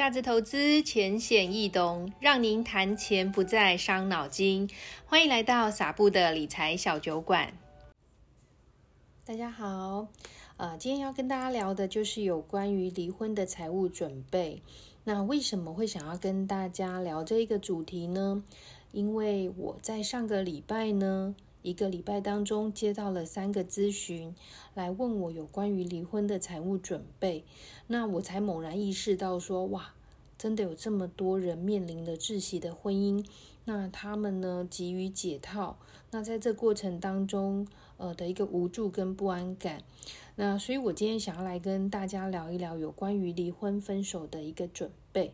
價值投資淺顯易懂，讓您談錢不再傷腦筋。歡迎來到撒布的理財小酒館。大家好，呃，今天要跟大家聊的，就是有關於離婚的財務準備。那為什麼會想要跟大家聊這一個主題呢？因為我在上個禮拜呢。一個禮拜當中接到了三個諮詢，來問我有關於離婚的財務準備，那我才猛然意識到說，哇，真的有這麼多人面臨了窒息的婚姻，那他們呢，急於解套，那在這過程當中，呃的一個無助跟不安感，那所以我今天想要來跟大家聊一聊有關於離婚分手的一個準備。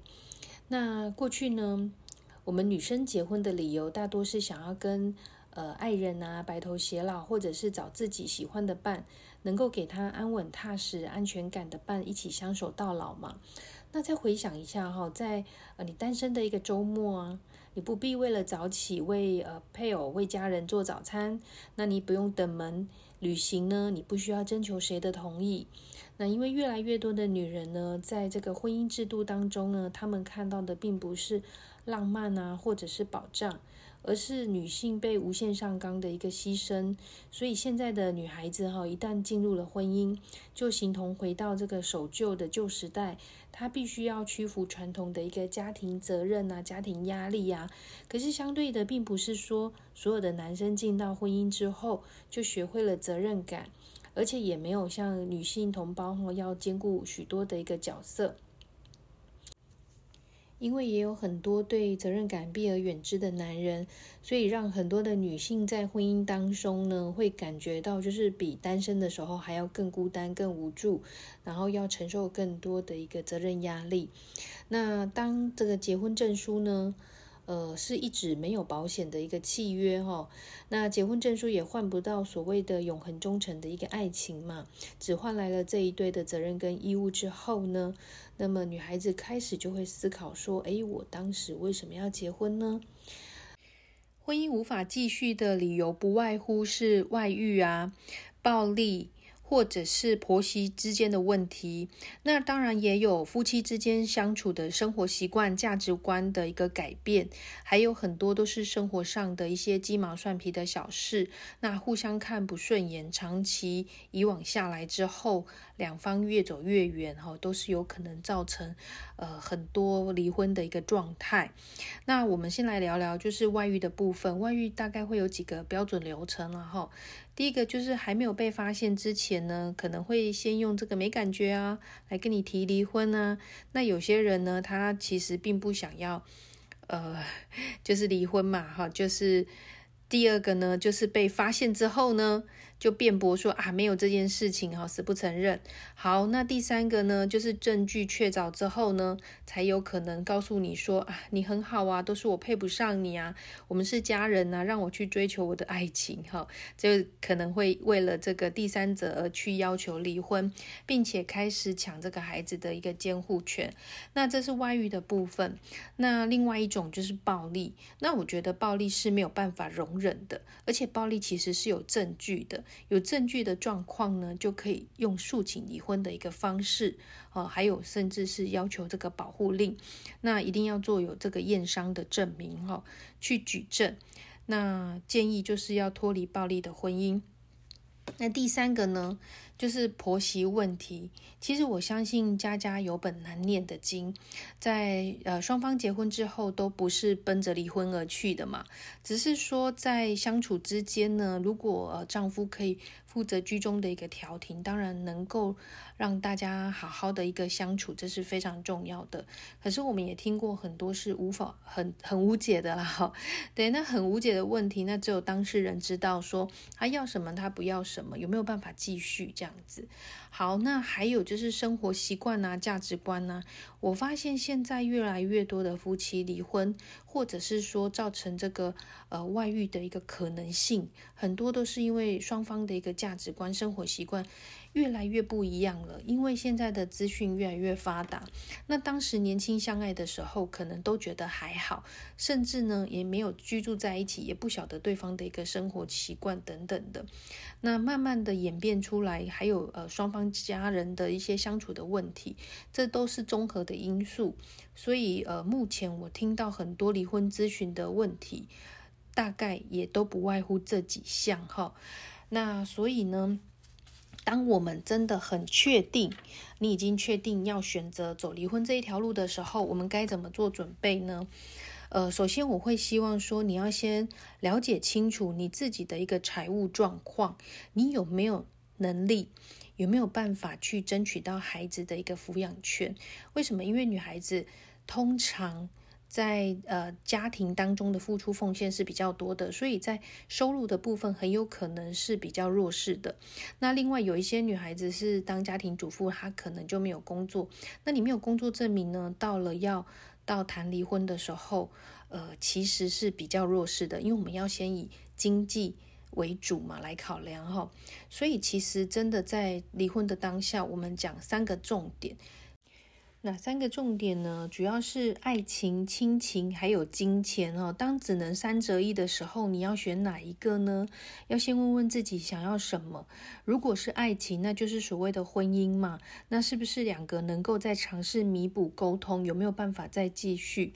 那過去呢，我們女生結婚的理由大多是想要跟呃，愛人啊，白頭偕老，或者是找自己喜歡的伴，能夠給他安穩踏實、安全感的伴，一起相守到老嘛？那再回想一下哈、哦，在呃你單身的一個周末啊，你不必為了早起為呃配偶、為家人做早餐，那你不用等門旅行呢，你不需要徵求誰的同意。那因為越來越多的女人呢，在這個婚姻制度當中呢，她們看到的並不是浪漫啊，或者是保障。而是女性被無限上綱的一個犧牲，所以現在的女孩子哈，一旦進入了婚姻，就形同回到這個守舊的舊時代，她必須要屈服傳統的一個家庭責任啊，家庭壓力啊。可是相對的，並不是說所有的男生進到婚姻之後就學會了責任感，而且也沒有像女性同胞哈要兼顧許多的一個角色。因為也有很多對責任感避而遠之的男人，所以讓很多的女性在婚姻當中呢，會感覺到就是比單身的時候還要更孤單、更無助，然後要承受更多的一個責任壓力。那當這個結婚證書呢，呃，是一紙沒有保險的一個契約哈、哦，那結婚證書也換不到所謂的永恆忠誠的一個愛情嘛，只換來了這一堆的責任跟義務之後呢，那麼女孩子開始就會思考說，哎，我當時為什麼要結婚呢？婚姻無法繼續的理由不外乎是外遇啊，暴力。或者是婆媳之間的問題，那當然也有夫妻之間相處的生活習慣、價值觀的一個改變，還有很多都是生活上的一些雞毛蒜皮的小事，那互相看不順眼，長期以往下來之後，兩方越走越遠，哈，都是有可能造成呃很多離婚的一個狀態。那我們先來聊聊就是外遇的部分，外遇大概會有幾個標準流程了，啊，哈。第一個就是還沒有被發現之前呢，可能會先用這個沒感覺啊來跟你提離婚啊。那有些人呢，他其實並不想要，呃，就是離婚嘛，哈。就是第二個呢，就是被發現之後呢。就辯駁說啊，沒有這件事情哈，死不承認。好，那第三個呢，就是證據確鑿之後呢，才有可能告訴你說啊，你很好啊，都是我配不上你啊，我們是家人吶、啊，讓我去追求我的愛情哈，就可能會為了這個第三者而去要求離婚，並且開始搶這個孩子的一個監護權。那這是外遇的部分。那另外一種就是暴力。那我覺得暴力是沒有辦法容忍的，而且暴力其實是有證據的。有證據的狀況呢，就可以用訴請離婚的一個方式啊，還有甚至是要求這個保護令，那一定要做有這個驗傷的證明哦，去舉證。那建議就是要脫離暴力的婚姻。那第三個呢？就是婆媳問題，其實我相信家家有本難念的經，在呃雙方結婚之後都不是奔着離婚而去的嘛，只是說在相處之間呢，如果呃丈夫可以負責居中的一個調停，當然能夠讓大家好好的一個相處，這是非常重要的。可是我們也聽過很多是無法很很無解的啦，哈，對，那很無解的問題，那只有當事人知道說他要什麼，他不要什麼，有沒有辦法繼續這樣。這樣子好，那還有就是生活習慣啊、價值觀啊。我發現現在越來越多的夫妻離婚，或者是說造成這個呃外遇的一個可能性，很多都是因為雙方的一個價值觀、生活習慣。越來越不一樣了，因為現在的資訊越來越發達。那當時年輕相愛的時候，可能都覺得還好，甚至呢也沒有居住在一起，也不曉得對方的一個生活習慣等等的。那慢慢的演變出來，還有呃雙方家人的一些相處的問題，這都是綜合的因素。所以呃目前我聽到很多離婚諮詢的問題，大概也都不外乎這幾項哈。那所以呢，當我們真的很確定，你已經確定要選擇走離婚這一條路的時候，我們該怎麼做準備呢？呃，首先我會希望說，你要先了解清楚你自己的一個財務狀況，你有沒有能力，有沒有辦法去爭取到孩子的一個撫養權？為什麼？因為女孩子通常。在呃，家庭當中的付出奉獻是比較多的，所以在收入的部分很有可能是比較弱勢的。那另外有一些女孩子是當家庭主婦，她可能就沒有工作。那你沒有工作證明呢？到了要到談離婚的時候，呃，其實是比較弱勢的，因為我們要先以經濟為主嘛，來考量哈。所以其實真的在離婚的當下，我們講三個重點。哪三個重點呢？主要是愛情、親情，還有金錢哦。當只能三擇一的時候，你要選哪一個呢？要先問問自己想要什麼。如果是愛情，那就是所謂的婚姻嘛。那是不是兩個能夠再嘗試彌補溝通，有沒有辦法再繼續？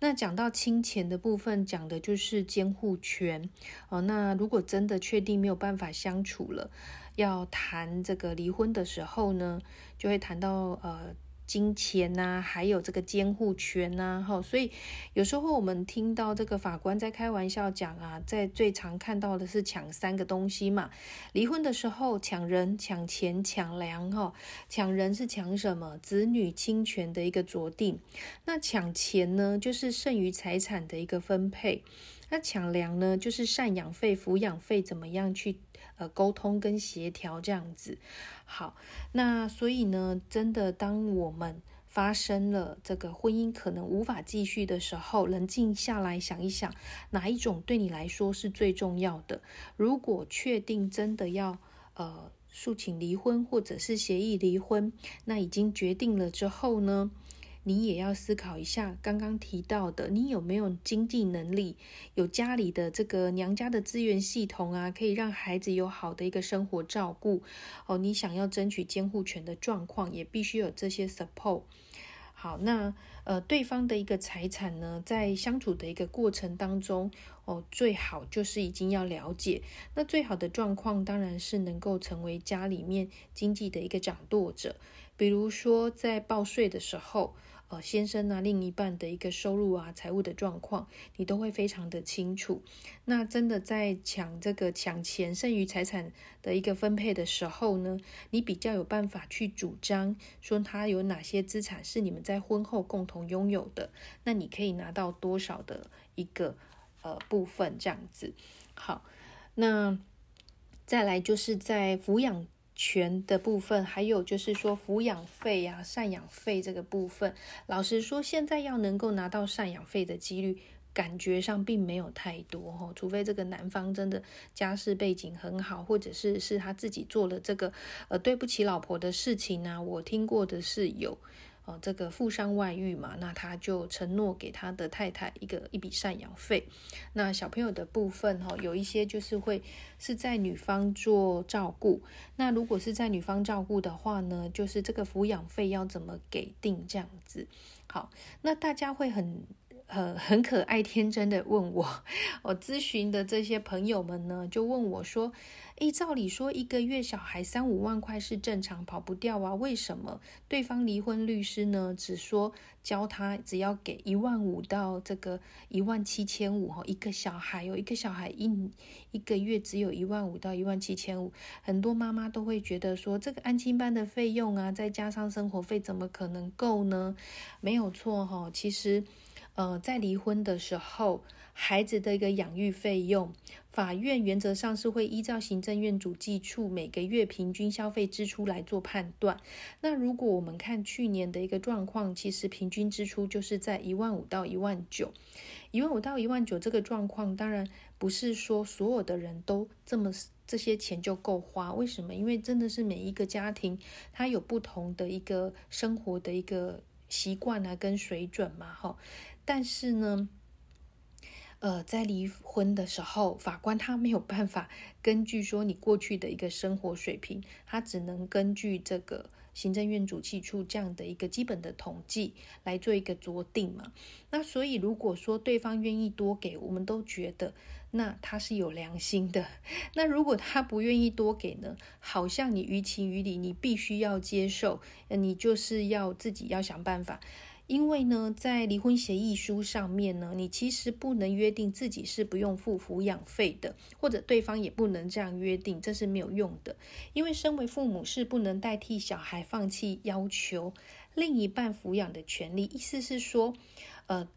那講到親情的部分，講的就是監護權哦。那如果真的確定沒有辦法相處了，要談這個離婚的時候呢，就會談到呃。金錢吶、啊，還有這個監護權吶、啊，哈、哦，所以有時候我們聽到這個法官在開玩笑講啊，在最常看到的是搶三個東西嘛，離婚的時候搶人、搶錢、搶糧，哈、哦，搶人是搶什麼？子女親權的一個酌定，那搶錢呢，就是剩餘財產的一個分配，那搶糧呢，就是贍養費、撫養費怎麼樣去。呃，溝通跟協調這樣子，好，那所以呢，真的，當我們發生了這個婚姻可能無法繼續的時候，冷靜下來想一想，哪一種對你來說是最重要的？如果確定真的要呃訴請離婚或者是協議離婚，那已經決定了之後呢，你也要思考一下，剛剛提到的，你有沒有經濟能力，有家裡的這個娘家的資源系統啊，可以讓孩子有好的一個生活照顧哦。你想要爭取監護權的狀況，也必須有這些 support。好，那呃，對方的一個財產呢，在相處的一個過程當中哦，最好就是已經要了解。那最好的狀況當然是能夠成為家裡面經濟的一個掌舵者，比如說在報稅的時候。先生啊，另一半的一個收入啊，財務的狀況，你都會非常的清楚。那真的在搶這個搶錢剩餘財產的一個分配的時候呢，你比較有辦法去主張說，他有哪些資產是你們在婚後共同擁有的，那你可以拿到多少的一個呃部分這樣子。好，那再來就是在撫養。權的部分，還有就是說撫養費啊、贍養費這個部分，老實說，現在要能夠拿到贍養費的幾率，感覺上並沒有太多哈、哦，除非這個男方真的家世背景很好，或者是是他自己做了這個呃對不起老婆的事情呢、啊。我聽過的是有。哦，這個富商外遇嘛，那他就承諾給他的太太一個一筆贍養費。那小朋友的部分哈、哦，有一些就是會是在女方做照顧。那如果是在女方照顧的話呢，就是這個撫養費要怎麼給定這樣子？好，那大家會很。呃，很可愛、天真的問我，我諮詢的這些朋友們呢，就問我說：“哎、欸，照理說一個月小孩三五萬塊是正常，跑不掉啊？為什麼對方離婚律師呢，只說教他只要給一萬五到這個一萬七千五，一個小孩有、哦、一個小孩一一個月只有一萬五到一萬七千五，很多媽媽都會覺得說，這個安親班的費用啊，再加上生活費，怎麼可能夠呢？沒有錯哈、哦，其實。”呃，在離婚的時候，孩子的一個養育費用，法院原則上是會依照行政院主計處每個月平均消費支出來做判斷。那如果我們看去年的一個狀況，其實平均支出就是在一萬五到一萬九，一萬五到一萬九這個狀況，當然不是說所有的人都這麼這些錢就夠花。為什麼？因為真的是每一個家庭，它有不同的一個生活的一個習慣啊，跟水準嘛，哈。但是呢，呃，在離婚的時候，法官他沒有辦法根據說你過去的一個生活水平，他只能根據這個行政院主計處這樣的一個基本的統計來做一個酌定嘛。那所以，如果說對方願意多給，我們都覺得那他是有良心的。那如果他不願意多給呢，好像你於情於理，你必須要接受，你就是要自己要想辦法。因為呢，在離婚協議書上面呢，你其實不能約定自己是不用付撫養費的，或者對方也不能這樣約定，這是沒有用的。因為身為父母是不能代替小孩放棄要求另一半撫養的權利。意思是說，呃，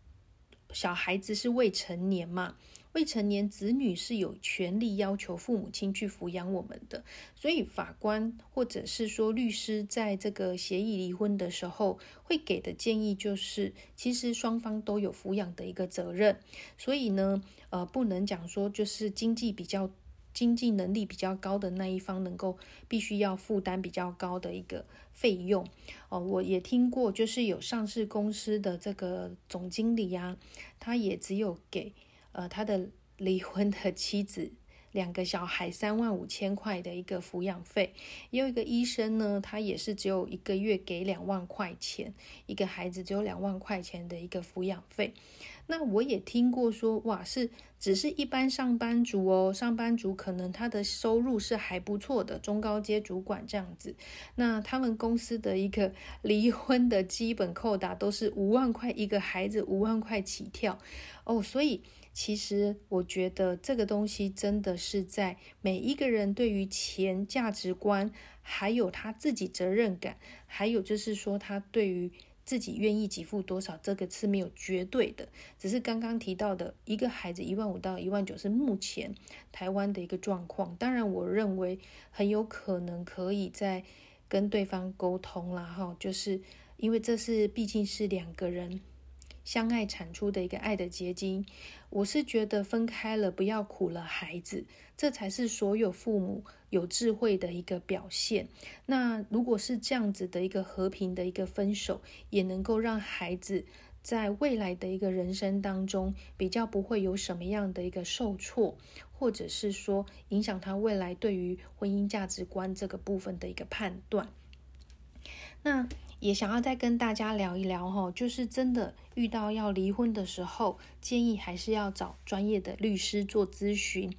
小孩子是未成年嘛。未成年子女是有權利要求父母親去撫養我們的，所以法官或者是說律師在這個協議離婚的時候會給的建議就是，其實雙方都有撫養的一個責任，所以呢，呃，不能講說就是經濟比較、經濟能力比較高的那一方能夠必須要負擔比較高的一個費用。哦，我也聽過，就是有上市公司的這個總經理啊，他也只有給。呃，他的離婚的妻子，兩個小孩三萬五千塊的一個撫養費，也有一個醫生呢，他也是只有一個月給兩萬塊錢，一個孩子只有兩萬塊錢的一個撫養費。那我也聽過說，哇，是只是一般上班族哦，上班族可能他的收入是還不錯的，中高階主管這樣子。那他們公司的一個離婚的基本扣打都是五萬塊一個孩子，五萬塊起跳哦，所以。其實我覺得這個東西真的是在每一個人對於錢價值觀，還有他自己責任感，還有就是說他對於自己願意給付多少，這個是沒有絕對的，只是剛剛提到的一個孩子一萬五到一萬九是目前台灣的一個狀況。當然，我認為很有可能可以再跟對方溝通啦，哈，就是因為這是畢竟是兩個人。相愛產出的一個愛的結晶，我是覺得分開了不要苦了孩子，這才是所有父母有智慧的一個表現。那如果是這樣子的一個和平的一個分手，也能夠讓孩子在未來的一個人生當中比較不會有什麼樣的一個受挫，或者是說影響他未來對於婚姻價值觀這個部分的一個判斷。那。也想要再跟大家聊一聊哦，就是真的遇到要離婚的時候，建議還是要找專業的律師做諮詢。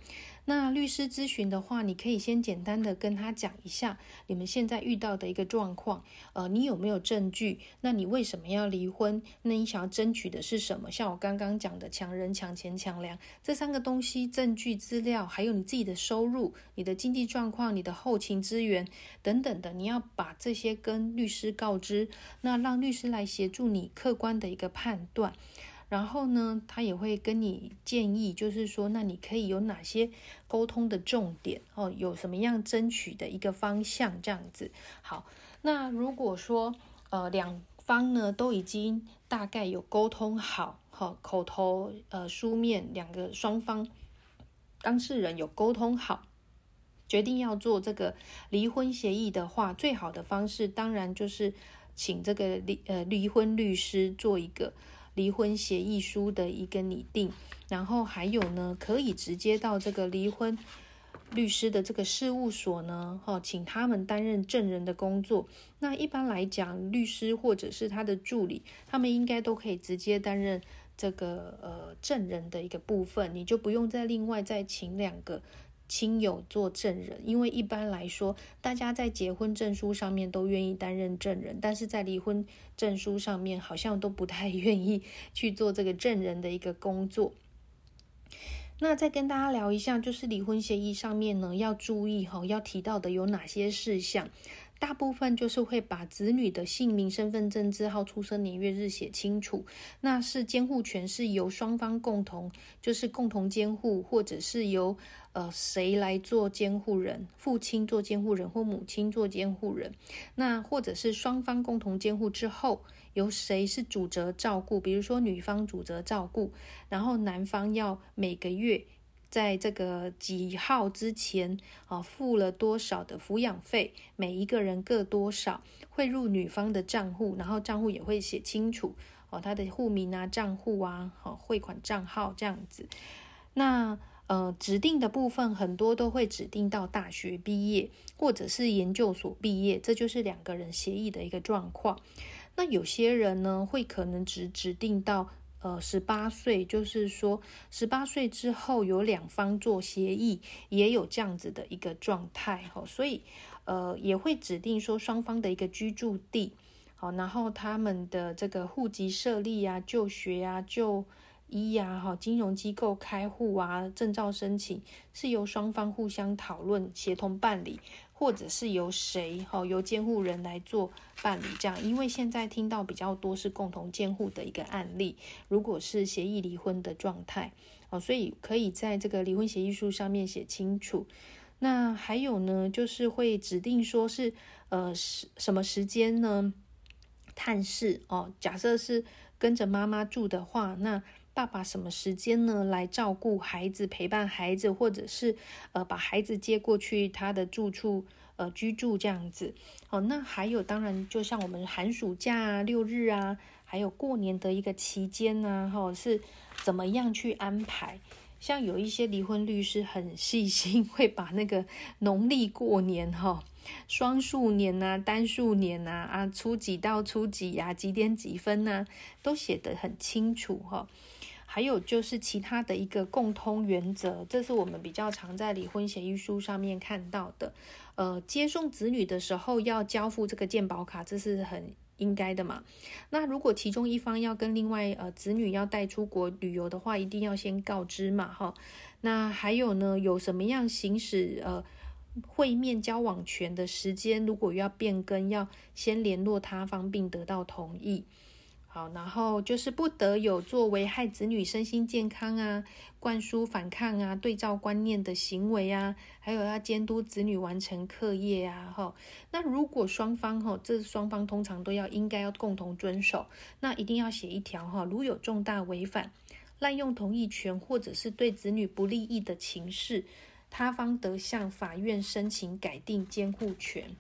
那律師諮詢的話，你可以先簡單的跟他講一下你們現在遇到的一個狀況，呃，你有沒有證據？那你為什麼要離婚？那你想要爭取的是什麼？像我剛剛講的，搶人、搶錢、搶糧這三個東西，證據資料，還有你自己的收入、你的經濟狀況、你的後勤資源等等的，你要把這些跟律師告知，那讓律師來協助你客觀的一個判斷。然後呢，他也會跟你建議，就是說，那你可以有哪些溝通的重點哦，有什麼樣爭取的一個方向這樣子。好，那如果說呃兩方呢都已經大概有溝通好，好、哦、口頭呃書面兩個雙方當事人有溝通好，決定要做這個離婚協議的話，最好的方式當然就是請這個離呃離婚律師做一個。離婚協議書的一個擬定，然後還有呢，可以直接到這個離婚律師的這個事務所呢，哦，請他們擔任證人的工作。那一般來講，律師或者是他的助理，他們應該都可以直接擔任這個呃證人的一個部分，你就不用再另外再請兩個。親友做證人，因為一般來說，大家在結婚證書上面都願意擔任證人，但是在離婚證書上面好像都不太願意去做這個證人的一個工作。那再跟大家聊一下，就是離婚協議上面呢，要注意哈、哦，要提到的有哪些事項。大部分就是會把子女的姓名、身份證字號出、出生年月日寫清楚。那是監護權是由雙方共同，就是共同監護，或者是由呃誰來做監護人，父親做監護人或母親做監護人。那或者是雙方共同監護之後，由誰是主責照顧，比如說女方主責照顧，然後男方要每個月，在這個幾號之前啊，付了多少的撫養費，每一個人各多少匯入女方的賬戶，然後賬戶也會寫清楚哦，啊、他的戶名啊、賬戶啊、哦、啊、匯款賬號這樣子。那呃，指定的部分很多都會指定到大學畢業或者是研究所畢業，這就是兩個人協議的一個狀況。那有些人呢，會可能只指定到。呃，十八歲就是說，十八歲之後有兩方做協議，也有這樣子的一個狀態哈、哦，所以呃也會指定說雙方的一個居住地，好、哦，然後他們的這個戶籍設立啊，就學啊，就。一呀，哈、啊，金融機構開戶啊，證照申請是由雙方互相討論、協同辦理，或者是由誰哈、哦、由監護人來做辦理這樣。因為現在聽到比較多是共同監護的一個案例，如果是協議離婚的狀態哦，所以可以在這個離婚協議書上面寫清楚。那還有呢，就是會指定說是呃什什麼時間呢？探視哦，假設是跟着媽媽住的話，那。爸爸什麼時間呢？來照顧孩子，陪伴孩子，或者是呃把孩子接過去他的住處呃居住這樣子。哦，那還有當然，就像我們寒暑假啊、六日啊，還有過年的一個期間呢，啊、哈、哦，是怎麼樣去安排？像有一些離婚律師很細心，會把那個農曆過年、哦、雙數年啊單數年啊啊初幾到初幾呀，啊，幾點幾分啊都寫得很清楚哈。哦還有就是其他的一個共通原則，這是我們比較常在離婚協議書上面看到的。呃，接送子女的時候要交付這個健保卡，這是很應該的嘛。那如果其中一方要跟另外呃子女要帶出國旅遊的話，一定要先告知嘛，哈。那還有呢，有什麼樣行使呃會面交往權的時間，如果要變更，要先聯絡他方並得到同意。好，然後就是不得有做危害子女身心健康啊、灌輸反抗啊、對照觀念的行為啊，還有要監督子女完成課業啊。哈，那如果雙方哈，這雙方通常都要應該要共同遵守，那一定要寫一條哈，如有重大違反、濫用同意權或者是對子女不利益的情事，他方得向法院申請改定監護權，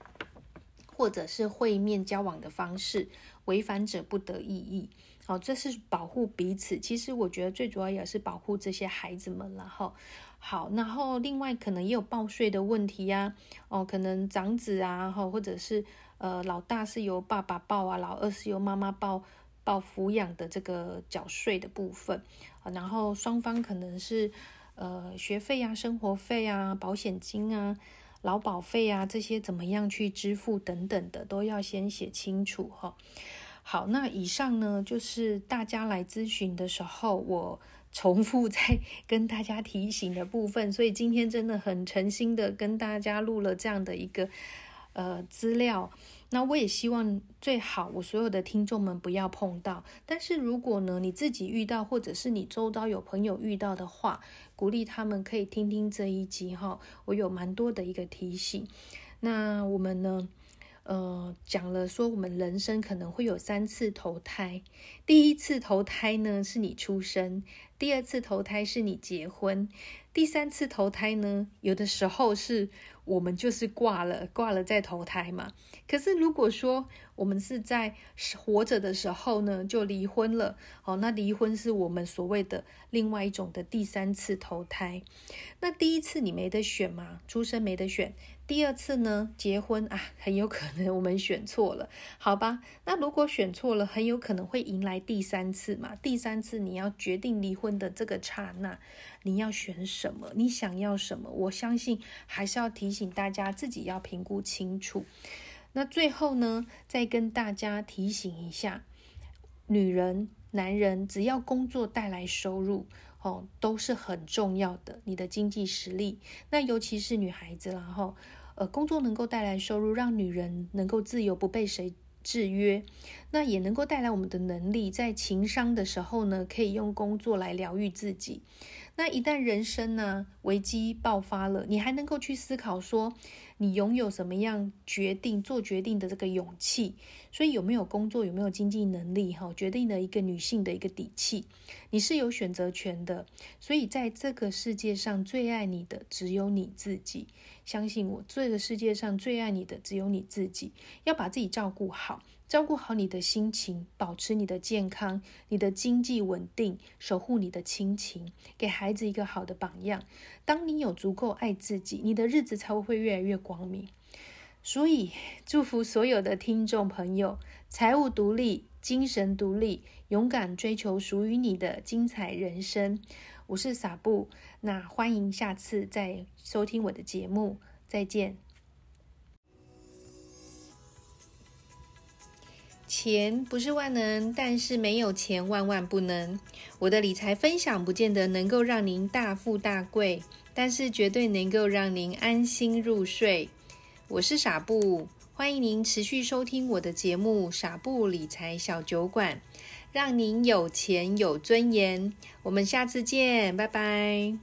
或者是會面交往的方式。違反者不得異議，哦，這是保護彼此。其實我覺得最主要也是保護這些孩子們了哈。好，然後另外可能也有報稅的問題呀，哦，可能長子啊，或者是呃老大是由爸爸報啊，老二是由媽媽報，報撫養的這個繳稅的部分。然後雙方可能是呃學費啊、生活費啊、保險金啊。勞保費啊，這些怎麼樣去支付等等的，都要先寫清楚哈哦。好，那以上呢，就是大家來諮詢的時候，我重複再跟大家提醒的部分。所以今天真的很誠心的跟大家錄了這樣的一個呃資料。那我也希望最好我所有的聽眾們不要碰到，但是如果呢你自己遇到或者是你周遭有朋友遇到的話，鼓勵他們可以聽聽這一集哈，我有蠻多的一個提醒。那我們呢，呃，講了說我們人生可能會有三次投胎，第一次投胎呢是你出生，第二次投胎是你結婚，第三次投胎呢有的時候是。我們就是掛了，掛了再投胎嘛。可是如果說，我們是在活着的時候呢，就離婚了。好，哦，那離婚是我們所謂的另外一種的第三次投胎。那第一次你沒得選嘛，出生沒得選。第二次呢，結婚啊，很有可能我們選錯了，好吧？那如果選錯了，很有可能會迎來第三次嘛。第三次你要決定離婚的這個剎那，你要選什麼？你想要什麼？我相信還是要提醒大家，自己要評估清楚。那最後呢，再跟大家提醒一下，女人、男人只要工作帶來收入，哦，都是很重要的，你的經濟實力。那尤其是女孩子然後呃，工作能夠帶來收入，讓女人能夠自由，不被誰制約。那也能夠帶來我們的能力，在情商的時候呢，可以用工作來療癒自己。那一旦人生呢，啊，危機爆發了，你還能夠去思考說，你擁有什麼樣決定做決定的這個勇氣？所以有沒有工作，有沒有經濟能力，哈，決定了一個女性的一個底氣。你是有選擇權的，所以在這個世界上最愛你的只有你自己。相信我，這個世界上最愛你的只有你自己。要把自己照顧好。照顧好你的心情，保持你的健康，你的經濟穩定，守護你的親情，給孩子一個好的榜樣。當你有足夠愛自己，你的日子才會越來越光明。所以，祝福所有的聽眾朋友，財務獨立，精神獨立，勇敢追求屬於你的精彩人生。我是撒布，那歡迎下次再收聽我的節目，再見。錢不是萬能，但是沒有錢萬萬不能。我的理財分享不見得能夠讓您大富大貴，但是絕對能夠讓您安心入睡。我是傻布，歡迎您持續收聽我的節目《傻布理財小酒館》，讓您有錢有尊嚴。我們下次見，拜拜。